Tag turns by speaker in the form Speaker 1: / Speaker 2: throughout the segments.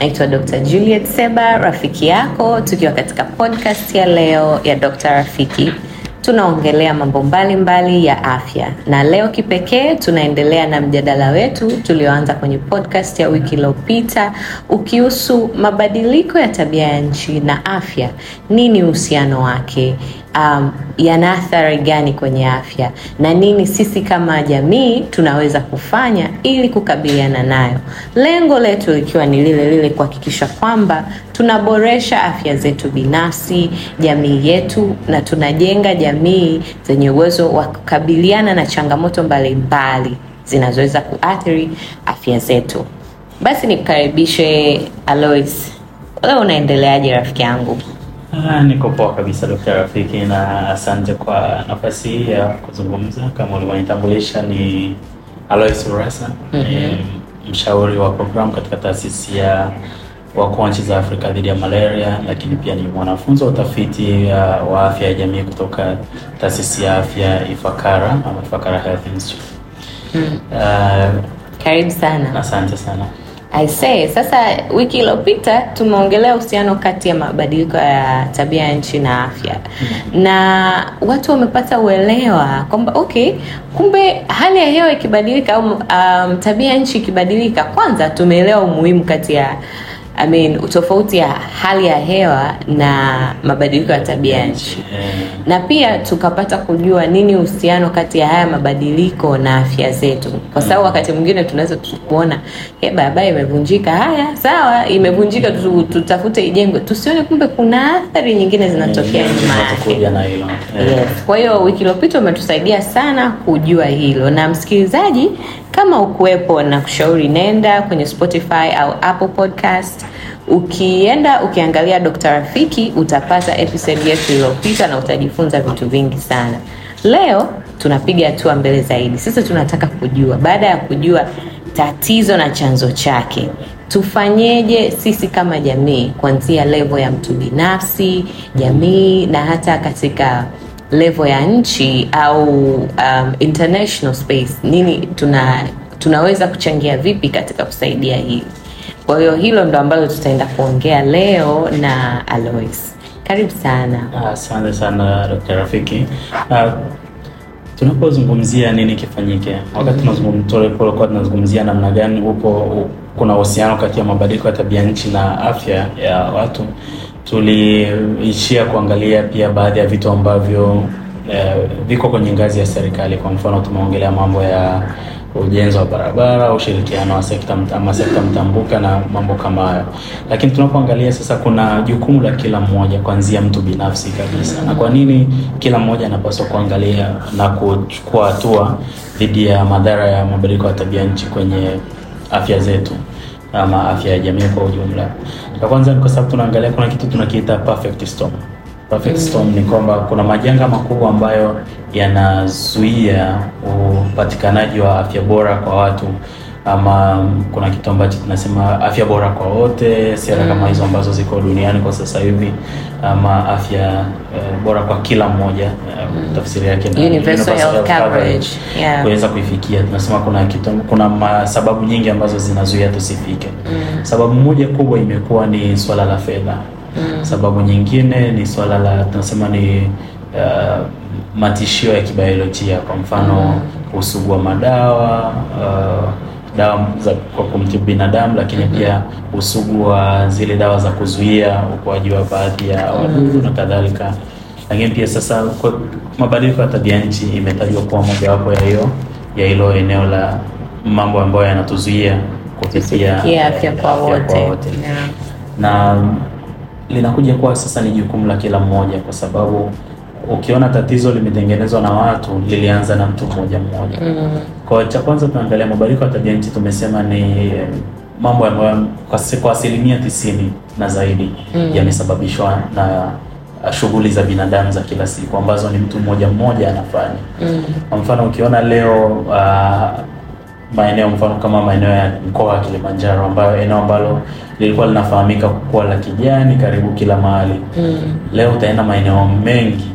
Speaker 1: Naitwa Dr. Juliet Seba, rafiki yako, tukiwa katika podcast ya leo ya Dr. Rafiki. Tunaongelea mambo mbalimbali mbali ya afya, na leo kipekee tunaendelea na mjadala wetu tulioanza kwenye podcast ya wiki iliyopita ukihusu mabadiliko ya tabia ya nchi na afya. Nini uhusiano wake? um, yana athari gani kwenye afya na nini sisi kama jamii tunaweza kufanya ili kukabiliana nayo, lengo letu ikiwa ni lile lile, kuhakikisha kwamba tunaboresha afya zetu binafsi, jamii yetu, na tunajenga jamii zenye uwezo wa kukabiliana na changamoto mbalimbali zinazoweza kuathiri afya zetu. Basi nikukaribishe Alois. Leo unaendeleaje rafiki yangu?
Speaker 2: Ah, niko poa kabisa Dr. Rafiki na asante kwa nafasi hii ya kuzungumza. Kama ulivyonitambulisha ni Alois Urassa, mhm. mshauri wa programu katika taasisi ya wakuu wa nchi za Afrika dhidi ya malaria, lakini pia ni mwanafunzi wa utafiti wa afya ya jamii kutoka taasisi ya afya Ifakara ama Ifakara Health Institute. Mhm. Ah,
Speaker 1: karibu sana. Asante sana. I say. Sasa wiki iliyopita tumeongelea uhusiano kati ya mabadiliko ya tabia ya nchi na afya mm-hmm. na watu wamepata uelewa kwamba okay, kumbe hali ya hewa ikibadilika au um, tabia ya nchi ikibadilika, kwanza tumeelewa umuhimu kati ya I mean utofauti ya hali ya hewa na mabadiliko ya tabia nchi, eh. na pia tukapata kujua nini uhusiano kati ya haya mabadiliko na afya zetu, kwa sababu mm. wakati mwingine tunaweza kuona eh, barabara imevunjika, haya sawa, imevunjika, tutafute ijengwe, tusione kumbe kuna athari nyingine zinatokea eh, nyuma
Speaker 2: yake.
Speaker 1: Kwa hiyo wiki iliyopita umetusaidia sana kujua hilo, na msikilizaji, kama ukuwepo na kushauri, nenda kwenye Spotify au Apple Podcast Ukienda ukiangalia Dr. Rafiki utapata episode yetu iliyopita na utajifunza vitu vingi sana. Leo tunapiga hatua mbele zaidi. Sasa tunataka kujua, baada ya kujua tatizo na chanzo chake, tufanyeje sisi kama jamii, kuanzia levo ya mtu binafsi, jamii na hata katika levo ya nchi au um, international space. Nini tuna tunaweza kuchangia vipi katika kusaidia hili? Kwa hiyo hilo ndo ambalo tutaenda kuongea leo na Alois. Karibu sana.
Speaker 2: Asante uh, sana Dr. Rafiki. Uh, tunapozungumzia nini kifanyike, wakati mm-hmm. tunazungumzia tunazungumzia namna gani huko kuna uhusiano kati ya mabadiliko ya tabia nchi na afya ya watu, tuliishia kuangalia pia baadhi ya vitu ambavyo eh, viko kwenye ngazi ya serikali. Kwa mfano tumeongelea mambo ya ujenzi wa barabara, ushirikiano wa sekta ama sekta mtambuka na mambo kama hayo. Lakini tunapoangalia sasa, kuna jukumu la kila mmoja, kuanzia mtu binafsi kabisa. Na kwa nini kila mmoja anapaswa kuangalia na kuchukua hatua dhidi ya madhara ya mabadiliko ya tabia nchi kwenye afya zetu ama afya ya jamii kwa ujumla? Cha kwanza ni kwa sababu tunaangalia kuna kitu tunakiita perfect storm. Storm ni kwamba kuna majanga makubwa ambayo yanazuia upatikanaji wa afya bora kwa watu ama kuna kitu ambacho tunasema afya bora kwa wote, sera mm, kama hizo ambazo ziko duniani kwa sasa hivi, ama afya uh, bora kwa kila mmoja uh, tafsiri yake na universal health coverage, yeah, kuweza kuifikia. Tunasema kuna kitu, kuna sababu nyingi ambazo zinazuia tusifike. Mm, sababu moja kubwa imekuwa ni swala la fedha. Mm. Sababu nyingine ni swala la tunasema ni uh, matishio ya kibiolojia, kwa mfano mm. usugu wa madawa uh, dawa za kwa kumtibu binadamu, lakini pia usugu wa zile dawa za kuzuia ukuaji wa baadhi ya mm. wadudu na kadhalika. Lakini pia sasa, kwa mabadiliko ya tabia nchi imetajwa kuwa mojawapo ya hiyo ya hilo eneo la mambo ambayo yanatuzuia kupitia afya kwa wote na linakuja kuwa sasa ni jukumu la kila mmoja, kwa sababu ukiona tatizo limetengenezwa na watu, lilianza na mtu mmoja mmoja. Mm. Kwa cha kwanza tunaangalia mabadiliko ya tabia nchi, tumesema ni mambo ambayo kwa asilimia tisini na zaidi mm. yamesababishwa na shughuli za binadamu za kila siku ambazo ni mtu mmoja mmoja anafanya. Mm. Kwa mm. mfano ukiona leo uh, maeneo mfano kama maeneo ya mkoa wa Kilimanjaro ambayo eneo ambalo lilikuwa linafahamika kuwa la kijani karibu kila mahali mm. Leo utaenda maeneo mengi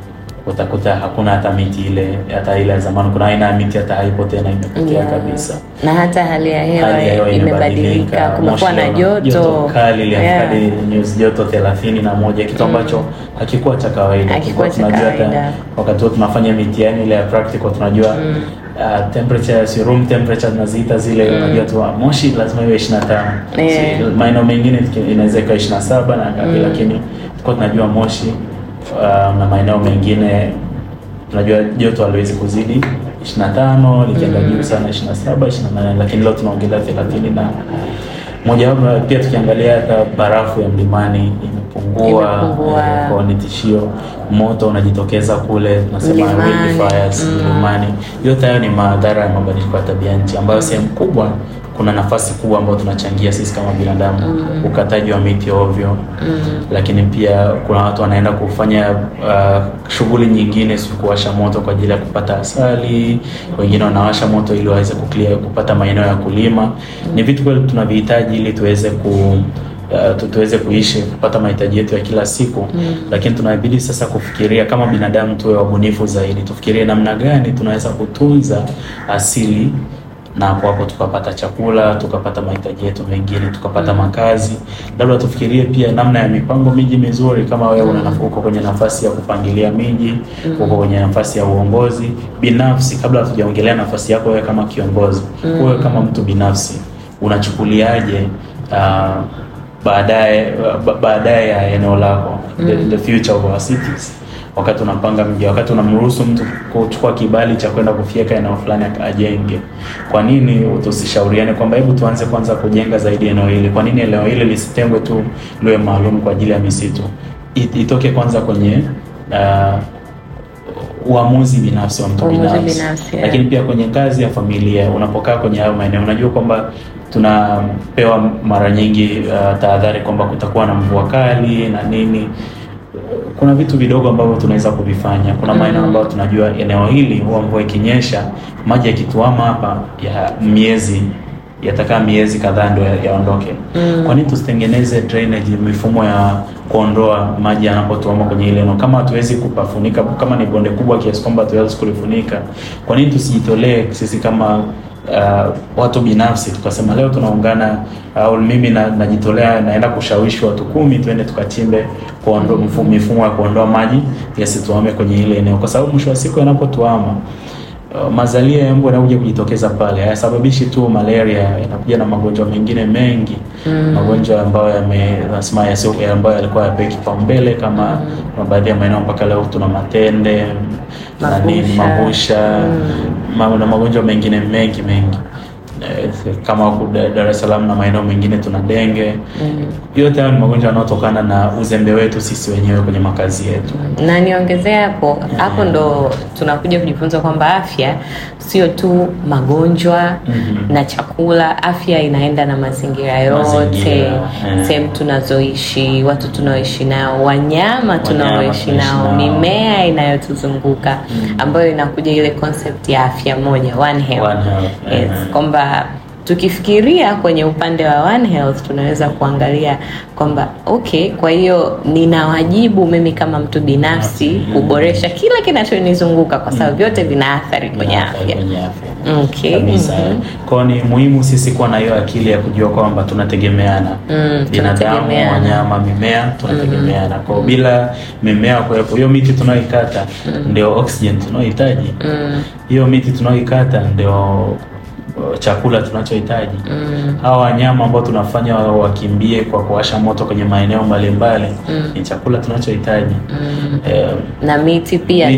Speaker 2: utakuta hakuna hata miti ile hata ile ya zamani, kuna aina ya miti hata haipo tena, imepotea yeah. kabisa.
Speaker 1: Na hata hali ya hewa imebadilika, kumekuwa na joto,
Speaker 2: kali yeah. hadi nyuzi joto thelathini na moja kitu mm. ambacho mm. hakikuwa cha kawaida. Hakikuwa cha kawaida. wakati huo tunafanya mitihani ile ya practical tunajua mm uh, temperature si room temperature tunaziita zile mm. unajua tu ah, moshi lazima iwe 25 yeah. so, maeneo mengine inaweza ikawa saba na ngapi mm. lakini tukuwa tunajua moshi uh, na maeneo mengine tunajua joto aliwezi kuzidi 25 likienda mm. juu sana 27 28 lakini leo tunaongelea 30 na mojawapo pia tukiangalia hata barafu ya mlimani imepungua, eh, kwa ni tishio. Moto unajitokeza kule, tunasema wildfires mm. mlimani. Yote hayo ni madhara ya mabadiliko ya tabia nchi ambayo sehemu kubwa kuna nafasi kubwa ambayo tunachangia sisi kama binadamu mm. ukataji wa miti ovyo mm. Lakini pia kuna watu wanaenda kufanya uh, shughuli nyingine, si kuwasha moto kwa ajili ya kupata asali, wengine wanawasha moto ili waweze kuklia, kupata maeneo ya kulima mm. Ni vitu kweli tunavihitaji ili tuweze ku Uh, tuweze kuishi kupata mahitaji yetu ya kila siku mm. Lakini tunabidi sasa kufikiria kama binadamu, tuwe wabunifu zaidi, tufikirie namna gani tunaweza kutunza asili na hapo hapo tukapata chakula, tukapata mahitaji yetu mengine, tukapata mm. makazi. Labda tufikirie pia namna ya mipango miji mizuri. Kama wewe una uko kwenye nafasi ya kupangilia miji, mm. uko kwenye nafasi ya uongozi binafsi, kabla hatujaongelea nafasi yako wewe kama kiongozi, mm. wewe kama mtu binafsi unachukuliaje uh, baadaye uh, baadaye ya eneo lako, the, the future of our cities wakati unapanga mji, wakati unamruhusu mtu kuchukua kibali cha kwenda kufyeka eneo fulani ajenge. Kwa nini tusishauriane kwamba hebu tuanze kwanza kujenga zaidi eneo hili? Kwa nini eneo hili lisitengwe tu liwe maalum kwa ajili ya misitu? It, itoke kwanza kwenye uh, uamuzi binafsi wa mtu binafsi, lakini pia kwenye ngazi ya familia. Unapokaa kwenye hayo maeneo, unajua kwamba tunapewa mara nyingi uh, tahadhari kwamba kutakuwa na mvua kali na nini kuna vitu vidogo ambavyo tunaweza kuvifanya. Kuna mm. maeneo ambayo tunajua eneo hili huwa mvua ikinyesha, maji yakituama hapa ya miezi yatakaa miezi kadhaa ndio yaondoke. Mm. Kwa nini tusitengeneze drainage, mifumo ya kuondoa maji yanapotuama kwenye ile eneo? Kama hatuwezi kupafunika, kama ni bonde kubwa kiasi kwamba tuwezi kulifunika, kwa nini tusijitolee sisi kama uh, watu binafsi tukasema leo tunaungana au uh, mimi na, najitolea naenda kushawishi watu kumi twende tukachimbe kuondoa mm-hmm. mfumo mifumo ya kuondoa maji yasituame kwenye ile eneo, kwa sababu mwisho wa siku yanapotuama uh, mazalia ya mbu yanakuja kujitokeza pale, hayasababishi tu malaria, yanakuja na magonjwa mengine mengi mm. magonjwa ambayo yamesema ambayo yalikuwa yapewi kipaumbele kama mm. baadhi ya maeneo mpaka leo tuna matende nani mabusha mm. na magonjwa mengine mengi mengi eh, kama huku Dar es Salaam na maeneo mengine tuna denge mm. Yote hayo ni magonjwa yanayotokana na uzembe wetu sisi wenyewe kwenye makazi yetu.
Speaker 1: Na niongezea hapo hapo Ndo tunakuja kujifunza kwamba afya sio tu magonjwa mm -hmm. na chakula. Afya inaenda na mazingira yote, eh. sehemu mm. tunazoishi, watu tunaoishi nao, wanyama tunaoishi nao, mimea inayotuzunguka mm. ambayo inakuja ile concept ya afya moja, one health, yes, eh. kwamba tukifikiria kwenye upande wa One Health tunaweza kuangalia kwamba okay, kwa hiyo nina wajibu mimi kama mtu binafsi mm-hmm. kuboresha kila kinachonizunguka kwa sababu mm-hmm. vyote vina athari kwenye afya.
Speaker 2: Okay. Kabisa. Mm -hmm. Kwa ni muhimu sisi kuwa na hiyo akili ya kujua kwamba tunategemeana. Mm, binadamu, wanyama, mimea tunategemeana. Mm. Mm-hmm. Kwa bila mimea kuwepo, hiyo miti tunaoikata mm. ndio oxygen tunaohitaji. Mm. Hiyo miti tunaoikata ndio Uh, chakula tunachohitaji mm. Hawa wanyama ambao tunafanya wakimbie kwa kuwasha moto kwenye maeneo mbalimbali mm. Ni chakula tunachohitaji mm. Eh,
Speaker 1: na miti pia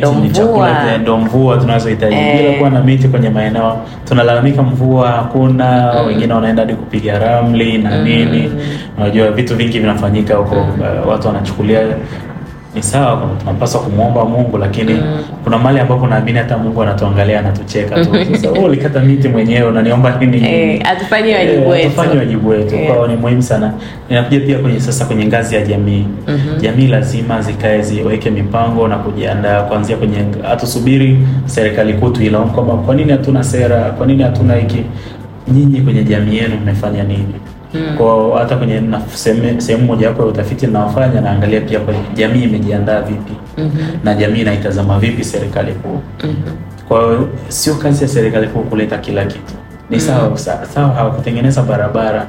Speaker 2: ndo mvua tunazohitaji eh. Bila kuwa na miti kwenye maeneo tunalalamika mvua hakuna mm. Wengine wanaenda hadi kupiga ramli na mm. nini Unajua vitu vingi vinafanyika huko mm. Uh, watu wanachukulia ni sawa, tunapaswa kumwomba Mungu, lakini mm. kuna mali ambapo naamini hata Mungu anatuangalia anatucheka tu. Sasa wewe oh, ulikata miti mwenyewe unaniomba nini? Eh,
Speaker 1: atufanyie eh, wajibu wetu, atufanyie
Speaker 2: eh. wajibu wetu. Kwa hiyo ni muhimu sana, ninakuja pia kwenye sasa kwenye ngazi ya jamii mm -hmm. Jamii lazima zikae ziweke mipango na kujiandaa kuanzia kwenye, hatusubiri serikali kuu tuilaumu kwamba kwa nini hatuna sera, kwa nini hatuna hiki nyinyi kwenye jamii yenu mmefanya nini? Hmm. Kwa hata kwenye sehemu moja hapo ya utafiti ninaofanya naangalia pia kwenye jamii imejiandaa vipi, mm -hmm. na jamii inaitazama vipi serikali kuu. mm -hmm. Kwa hiyo sio kazi ya serikali kuu kuleta kila kitu, ni hmm. sawa mm -hmm. sawa, hawakutengeneza barabara,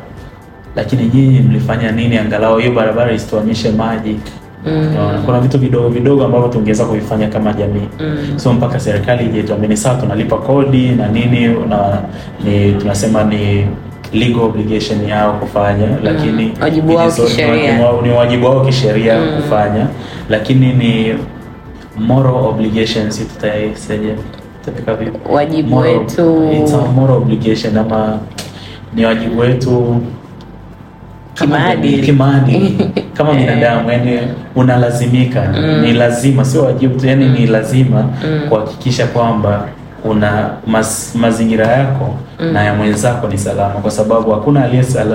Speaker 2: lakini nyinyi mlifanya nini angalau hiyo barabara isituamishe maji Mm. Kuna vitu vidogo vidogo ambavyo tungeweza kuvifanya kama jamii mm. So mpaka serikali ijetuamini saa tunalipa kodi na nini na ni tunasema ni legal obligation yao kufanya mm. Lakini wajibu wao kisheria ni wajibu wao kisheria mm. kufanya, lakini ni moral obligation, si tutaiseje, tutapika vipi? Wajibu wetu, it's a moral obligation, ama ni wajibu wetu kimaadili, kimaadili kama eh. binadamu yeah. Yani unalazimika mm. Ni lazima, sio wajibu, yani mm. Ni lazima mm. kuhakikisha kwamba una mas, mazingira yako mm. na ya mwenzako ni salama, kwa sababu hakuna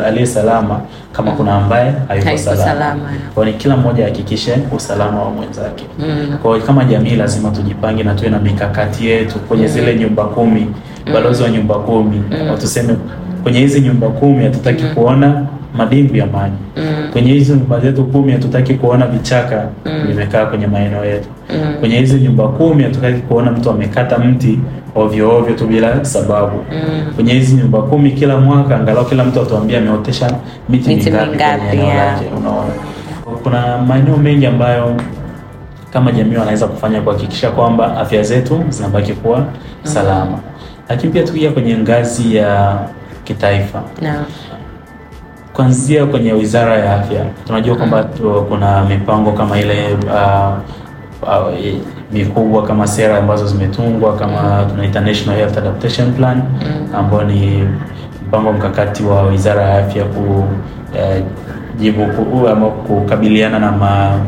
Speaker 2: aliye salama kama kuna ambaye hayuko salama. Kwa ni kila mmoja ahakikishe usalama wa mwenzake mm. Kwa kama jamii lazima tujipange na tuwe na mikakati yetu kwenye mm. zile nyumba kumi, mm. balozi wa nyumba kumi mm. watuseme kwenye hizi nyumba kumi hatutaki mm. kuona madimbu ya maji mm. kwenye hizi nyumba zetu kumi hatutaki kuona vichaka mm. vimekaa kwenye maeneo yetu mm. kwenye hizi nyumba kumi hatutaki kuona mtu amekata mti ovyo ovyo tu bila sababu mm. kwenye hizi nyumba kumi kila mwaka angalau kila mtu atuambia ameotesha miti, miti mingapi yeah. unaona kuna maeneo mengi ambayo kama jamii wanaweza kufanya kuhakikisha kwamba afya zetu zinabaki kuwa mm. salama mm. lakini pia tukija kwenye ngazi ya kitaifa no kuanzia kwenye Wizara ya Afya tunajua kwamba kuna mipango kama ile uh, uh, mikubwa kama sera ambazo zimetungwa kama mm-hmm. tuna International Health Adaptation Plan mm-hmm. ambayo ni mpango mkakati wa Wizara ya Afya ku uh, jibu ama kukabiliana na ma,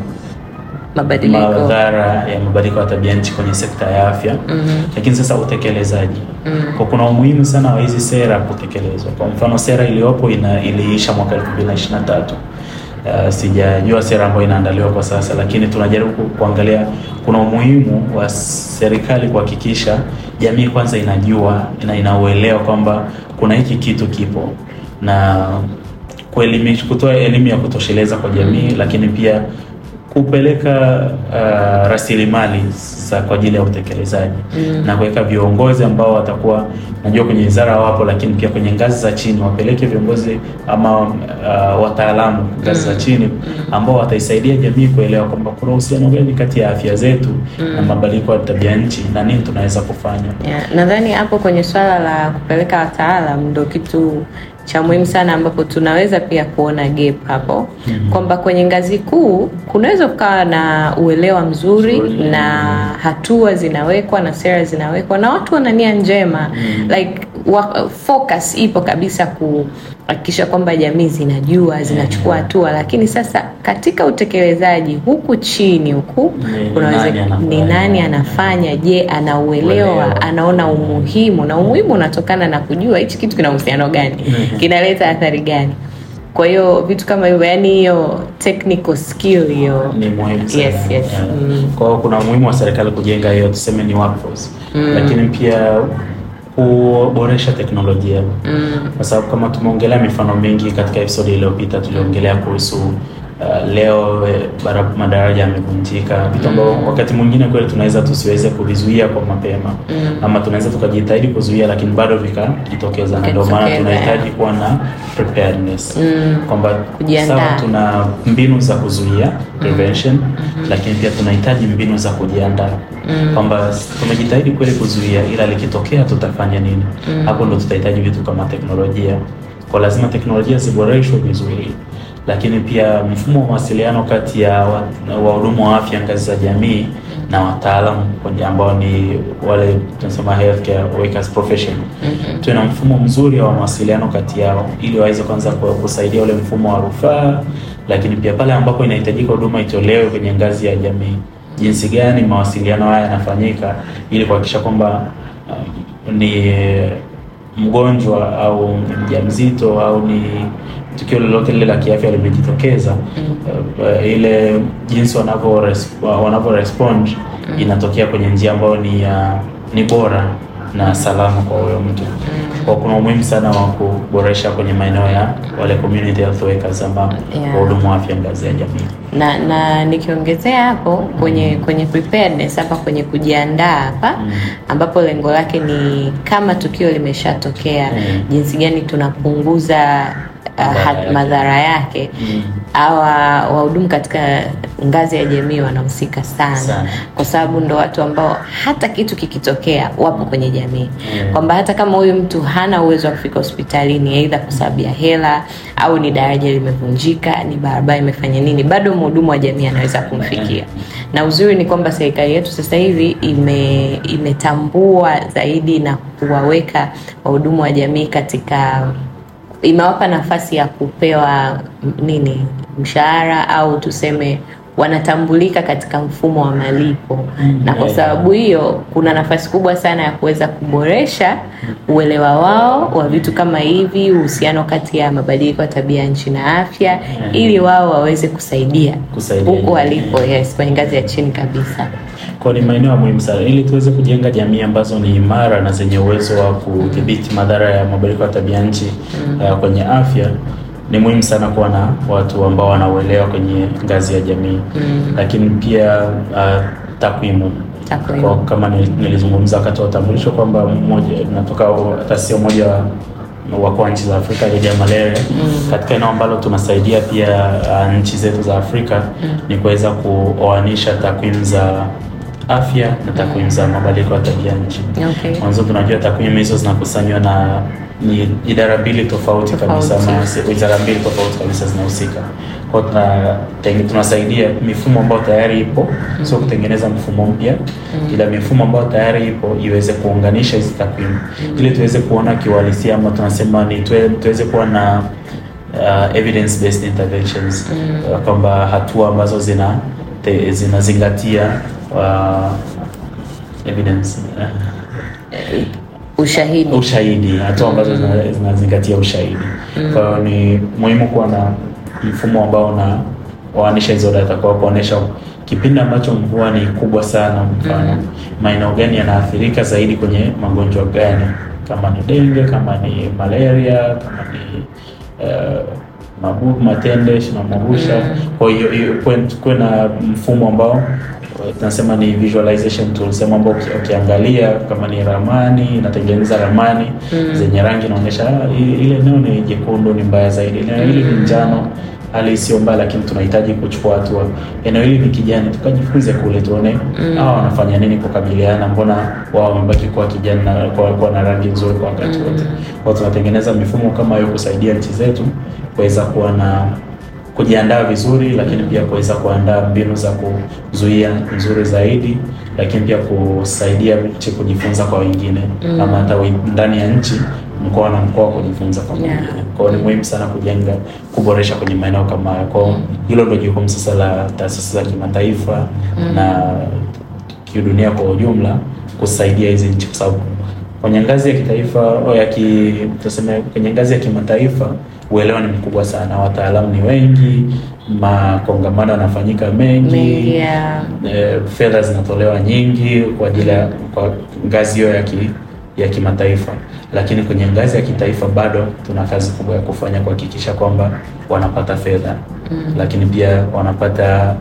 Speaker 2: mabadiliko madhara ya mabadiliko ya tabia nchi kwenye sekta ya afya mm-hmm. Lakini sasa utekelezaji mm-hmm. Kwa kuna umuhimu sana wa hizi sera kutekelezwa. Kwa mfano sera iliyopo ina iliisha mwaka 2023. Uh, sijajua sera ambayo inaandaliwa kwa sasa, lakini tunajaribu kuangalia kuna umuhimu wa serikali kuhakikisha jamii kwanza inajua na inauelewa kwamba kuna hiki kitu kipo na kuelimisha, kutoa elimu ya kutosheleza kwa jamii mm-hmm. Lakini pia kupeleka uh, rasilimali za kwa ajili ya utekelezaji mm. na kuweka viongozi ambao watakuwa najua kwenye wizara wapo, lakini pia kwenye ngazi za chini wapeleke viongozi ama uh, wataalamu ngazi mm. za chini mm. ambao wataisaidia jamii kuelewa kwamba kuna uhusiano gani kati ya afya zetu mm. na mabadiliko ya tabia nchi na nini tunaweza kufanya. Yeah,
Speaker 1: nadhani hapo kwenye swala la kupeleka wataalam ndio kitu cha muhimu sana, ambapo tunaweza pia kuona gap hapo mhm. kwamba kwenye ngazi kuu kunaweza kukawa na uelewa mzuri Sorry. na hatua zinawekwa na sera zinawekwa na watu wana nia njema mm. like wa, focus ipo kabisa kuhakikisha kwamba jamii zinajua zinachukua mhm. hatua, lakini sasa katika utekelezaji huku chini huku unaweza ni nani anafanya? Je, anauelewa? Anaona umuhimu? Na umuhimu unatokana na kujua hichi kitu kina uhusiano gani mhm kinaleta athari gani kwa hiyo vitu kama hivyo yani hiyo technical skill hiyo ni muhimu
Speaker 2: sana yes, yes. Yeah. Mm. kwa hiyo kuna umuhimu wa serikali kujenga hiyo tuseme ni workforce mm. lakini pia kuboresha teknolojia mm. kwa sababu kama tumeongelea mifano mingi katika episode iliyopita tuliongelea kuhusu uh, leo eh, barabu madaraja yamevunjika, vitu ambavyo mm. wakati mwingine kweli tunaweza tusiweze kuvizuia kwa mapema mm. ama tunaweza tukajitahidi kuzuia, lakini bado vikajitokeza, na ndio maana tunahitaji kuwa na preparedness mm. kwamba sawa, tuna mbinu za kuzuia mm. prevention mm. Mm. lakini pia tunahitaji mbinu za kujiandaa mm. kwamba tumejitahidi kweli kuzuia, ila likitokea tutafanya nini? mm. hapo ndo tutahitaji vitu kama teknolojia, kwa lazima teknolojia ziboreshwe vizuri lakini pia mfumo wa mawasiliano kati ya wahudumu wa afya ngazi za jamii na wataalamu ambao ni wale tunasema healthcare workers profession. Mm-hmm. Tuna mfumo mzuri wa mawasiliano kati yao ili waweze kwanza kusaidia ule mfumo wa rufaa, lakini pia pale ambapo inahitajika huduma itolewe kwenye ngazi ya jamii, jinsi gani mawasiliano haya yanafanyika ili kuhakikisha kwamba uh, ni eh, mgonjwa au mjamzito au ni tukio lolote lile la kiafya limejitokeza, uh, ile jinsi wanavyo wanavyo respond mm. inatokea kwenye njia ambayo ni uh, ni bora
Speaker 1: na mm. salama
Speaker 2: kwa huyo mtu. Kwa kuna umuhimu sana wa kuboresha kwenye maeneo ya wale community health workers ambao wahudumu wa afya ngazi ya jamii.
Speaker 1: Na na nikiongezea hapo kwenye kwenye preparedness hapa kwenye kujiandaa hapa mm. ambapo lengo lake ni kama tukio limeshatokea mm. jinsi gani tunapunguza uh, madhara yake mm. Hawa wahudumu katika ngazi ya jamii wanahusika sana, sana, kwa sababu ndo watu ambao hata kitu kikitokea wapo kwenye jamii mm. Kwamba hata kama huyu mtu hana uwezo wa kufika hospitalini aidha kwa sababu ya hela au ni daraja limevunjika, ni barabara imefanya nini, bado mhudumu wa jamii anaweza kumfikia mm. Na uzuri ni kwamba serikali yetu sasa hivi ime, imetambua zaidi na kuwaweka wahudumu wa jamii katika imewapa nafasi ya kupewa nini mshahara au tuseme wanatambulika katika mfumo wa malipo,
Speaker 2: mm. na kwa sababu
Speaker 1: hiyo kuna nafasi kubwa sana ya kuweza kuboresha uelewa wao wa vitu kama hivi, uhusiano kati ya mabadiliko ya tabia nchi na afya, ili wao waweze kusaidia huko walipo, yes, kwenye ngazi ya chini kabisa. Kwa
Speaker 2: ni maeneo muhimu sana ili tuweze kujenga jamii ambazo ni imara na zenye uwezo wa kudhibiti madhara ya mabadiliko ya tabia nchi mm. uh, kwenye afya ni muhimu sana kuwa na watu ambao wanauelewa kwenye ngazi ya jamii mm. Lakini pia uh, takwimu kwa, kama nilizungumza wakati wa utambulisho kwamba natoka taasisi moja wakoa nchi za Afrika ya malaria mm. Katika eneo ambalo tunasaidia pia uh, nchi zetu za Afrika mm. ni kuweza kuoanisha takwimu za afya na takwimu za mabadiliko ya tabia nchi. Okay. Mwanzo tunajua takwimu hizo zinakusanywa na ni idara mbili tofauti, kabisa, wizara mbili tofauti kabisa zinahusika kwao. Tunasaidia mifumo ambayo tayari ipo mm. Sio mm-hmm. kutengeneza mfumo mpya mm. Ila mifumo ambayo tayari ipo iweze kuunganisha hizi takwimu mm. Ili tuweze kuona kiuhalisia ama tunasema ni tuweze kuwa na uh, evidence based interventions mm. Uh, kwamba hatua ambazo zina te, zinazingatia uh, evidence uh. Eh, ushahidi, ushahidi, hatua ambazo zinazingatia ushahidi mm. Kwa hiyo ni muhimu kuwa na mfumo ambao unawaanisha hizo data kwa kuonesha kipindi ambacho mvua ni kubwa sana, mfano mm. maeneo gani yanaathirika zaidi kwenye magonjwa gani, kama ni dengue, kama ni malaria, kama ni uh, matende tunamwangusha. Kwa hiyo kuwe na mfumo ambao tunasema ni visualization tool tools ambao ukiangalia kama ni ramani inatengeneza ramani mm. zenye rangi inaonyesha ah, ile eneo ni jekundu, ni mbaya zaidi, eneo hili ni njano hali sio mbaya, lakini tunahitaji kuchukua hatua. Eneo hili ni kijani, tukajifunze kule, tuone mm. hawa wanafanya nini kukabiliana, mbona wao wamebaki kuwa kijani na kuwa na rangi nzuri kwa wakati mm. wote mm. kwao. Tunatengeneza mifumo kama hiyo kusaidia nchi zetu kuweza kuwa na kujiandaa vizuri, lakini pia kuweza kuandaa mbinu za kuzuia nzuri zaidi, lakini pia kusaidia nchi kujifunza kwa wengine mm. ama hata ndani ya nchi mkoa na mkoa kujifunza kwa mwingine yeah. Kwa hiyo ni muhimu sana kujenga kuboresha kwenye maeneo kama hayo. Kwa mm. hilo ndio jukumu sasa la taasisi za kimataifa mm. na kidunia kwa ujumla kusaidia hizi nchi, kwa sababu kwenye ngazi ya kitaifa au ya ki, tuseme kwenye ngazi ya kimataifa uelewa ni mkubwa sana, wataalamu ni wengi, makongamano yanafanyika mengi yeah. E, fedha zinatolewa nyingi kwa ajili ya kwa ngazi hiyo ya ki, ya kimataifa, lakini kwenye ngazi ya kitaifa bado tuna kazi kubwa ya kufanya kuhakikisha kwamba wanapata fedha mm. lakini pia wanapata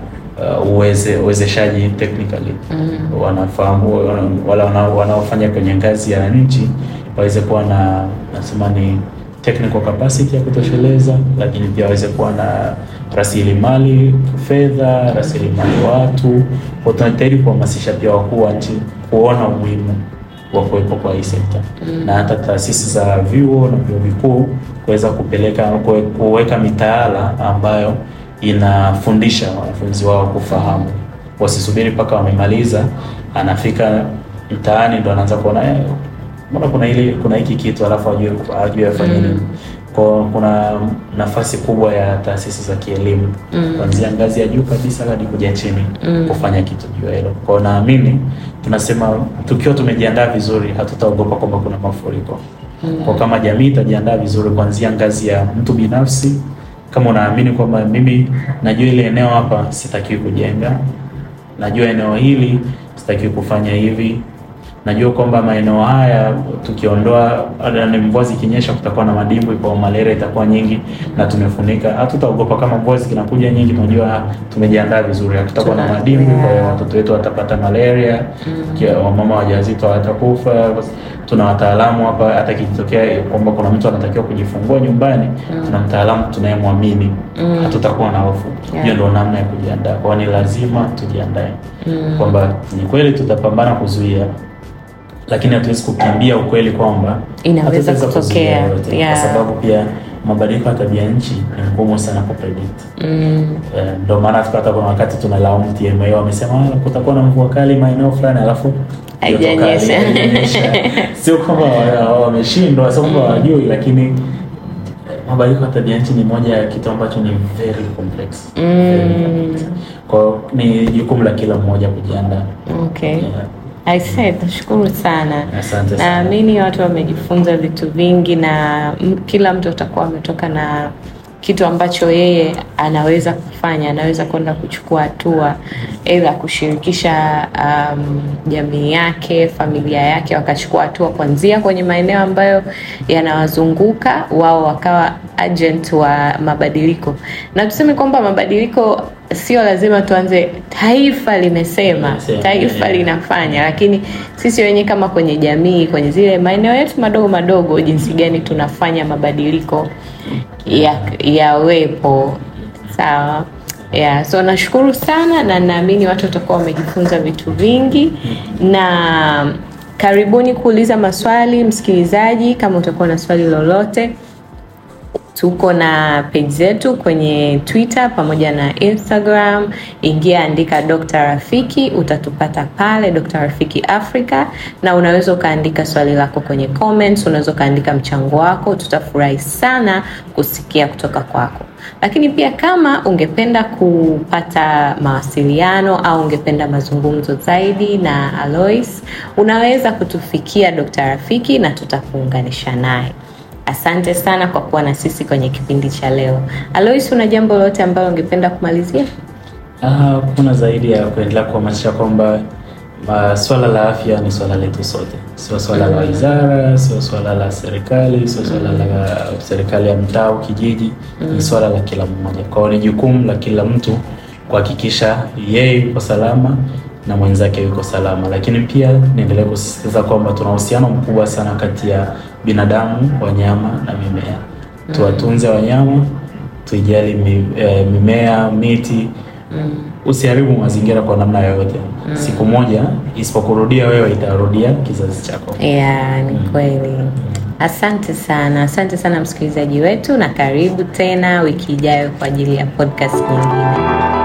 Speaker 2: uh, uweze uwezeshaji technically mm. wanafahamu wala wanaofanya kwenye ngazi ya nchi waweze kuwa na nasema ni technical capacity ya kutosheleza, lakini pia waweze kuwa na rasilimali fedha, rasilimali watu. Kwa tunajitahidi kuhamasisha pia wakuu wa nchi kuona umuhimu wa kuwepo kwa hii sekta mm. na hata taasisi za vyuo na vyuo vikuu kuweza kupeleka kuweka mitaala ambayo inafundisha wanafunzi wao kufahamu, wasisubiri mpaka wamemaliza, anafika mtaani ndo anaanza kuona eh, mbona kuna ile kuna hiki kitu alafu ajue ajue afanye mm. nini mm. kwa kuna nafasi kubwa ya taasisi za kielimu mm. kuanzia ngazi ya juu kabisa hadi kuja chini mm. kufanya kitu juu hilo Kwa naamini tunasema tukiwa tumejiandaa vizuri hatutaogopa kwamba kuna mafuriko mm. kwa kama jamii itajiandaa vizuri kuanzia ngazi ya mtu binafsi kama unaamini kwamba mimi najua ile eneo hapa sitakiwi kujenga najua eneo hili sitakiwi kufanya hivi Najua kwamba maeneo haya tukiondoa, ni mvua zikinyesha, kutakuwa na madimbwi, kwa malaria itakuwa nyingi na tumefunika, hatutaogopa. Kama mvua zikinakuja nyingi, tunajua tumejiandaa vizuri, hatutakuwa na madimbwi, kwa hiyo watoto wetu watapata malaria, mm. wamama wajawazito watakufa Tuna wataalamu hapa, hata kitokea kwamba kuna mtu anatakiwa kujifungua nyumbani, mm. tuna mtaalamu tunayemwamini, mm. hatutakuwa na hofu. Hiyo yeah. ndio namna ya kujiandaa, kwa ni lazima tujiandae mm. kwamba ni kweli tutapambana kuzuia lakini hatuwezi kukimbia ukweli kwamba inaweza kutokea yote, yeah. Kwa sababu pia mabadiliko ya tabia nchi ni ngumu sana kupredict mm. Eh, ndio, mm. Maana tukata kuna wakati tunalaumu TMA, wamesema ah, kutakuwa na mvua kali maeneo fulani alafu
Speaker 1: haijanyesha.
Speaker 2: Sio kwamba wameshindwa, sio kwamba mm. wajui lakini eh, mabadiliko ya tabia nchi ni moja ya kitu ambacho ni very complex, mm.
Speaker 1: Very
Speaker 2: Kwa ni jukumu la kila mmoja kujiandaa,
Speaker 1: okay. yeah. Aisee, nashukuru sana. Asante sana. Naamini watu wamejifunza vitu vingi na kila mtu atakuwa ametoka na kitu ambacho yeye anaweza kufanya, anaweza kwenda kuchukua hatua aidha kushirikisha um, jamii yake, familia yake, wakachukua hatua kuanzia kwenye maeneo ambayo yanawazunguka wao, wakawa agent wa mabadiliko, na tuseme kwamba mabadiliko sio lazima tuanze taifa limesema, taifa linafanya, lakini sisi wenyewe kama kwenye jamii, kwenye zile maeneo yetu madogo madogo, jinsi gani tunafanya mabadiliko yawepo ya sawa. Yeah, so nashukuru sana na naamini watu watakuwa wamejifunza vitu vingi, na karibuni kuuliza maswali msikilizaji, kama utakuwa na swali lolote. Tuko na page zetu kwenye Twitter pamoja na Instagram. Ingia andika Dr. Rafiki, utatupata pale Dr. Rafiki Africa, na unaweza ukaandika swali lako kwenye comments, unaweza ukaandika mchango wako, tutafurahi sana kusikia kutoka kwako. Lakini pia kama ungependa kupata mawasiliano au ungependa mazungumzo zaidi na Alois, unaweza kutufikia Dr. Rafiki na tutakuunganisha naye. Asante sana kwa kuwa na sisi kwenye kipindi cha leo. Alois, una jambo lolote ambalo ungependa kumalizia?
Speaker 2: Ah, kuna zaidi ya kuendelea kuhamasisha kwamba swala la afya ni swala letu sote, sio swala la mm-hmm. wizara, sio swala la serikali, sio swala la mm-hmm. serikali ya mtaa au kijiji, ni mm-hmm. swala la kila mmoja. Kwa ni jukumu la kila mtu kuhakikisha yeye yuko salama na mwenzake yuko salama, lakini pia niendelee kusisitiza kwamba tuna uhusiano mkubwa sana kati ya binadamu, wanyama na mimea. Mm. Tuwatunze wanyama, tuijali eh, mimea, miti, mm. usiharibu mazingira kwa namna yoyote. Mm. Siku moja isipokurudia wewe, itarudia kizazi chako.
Speaker 1: Yeah, ni kweli. Asante sana, asante sana msikilizaji wetu, na karibu tena wiki ijayo kwa ajili ya podcast
Speaker 2: nyingine.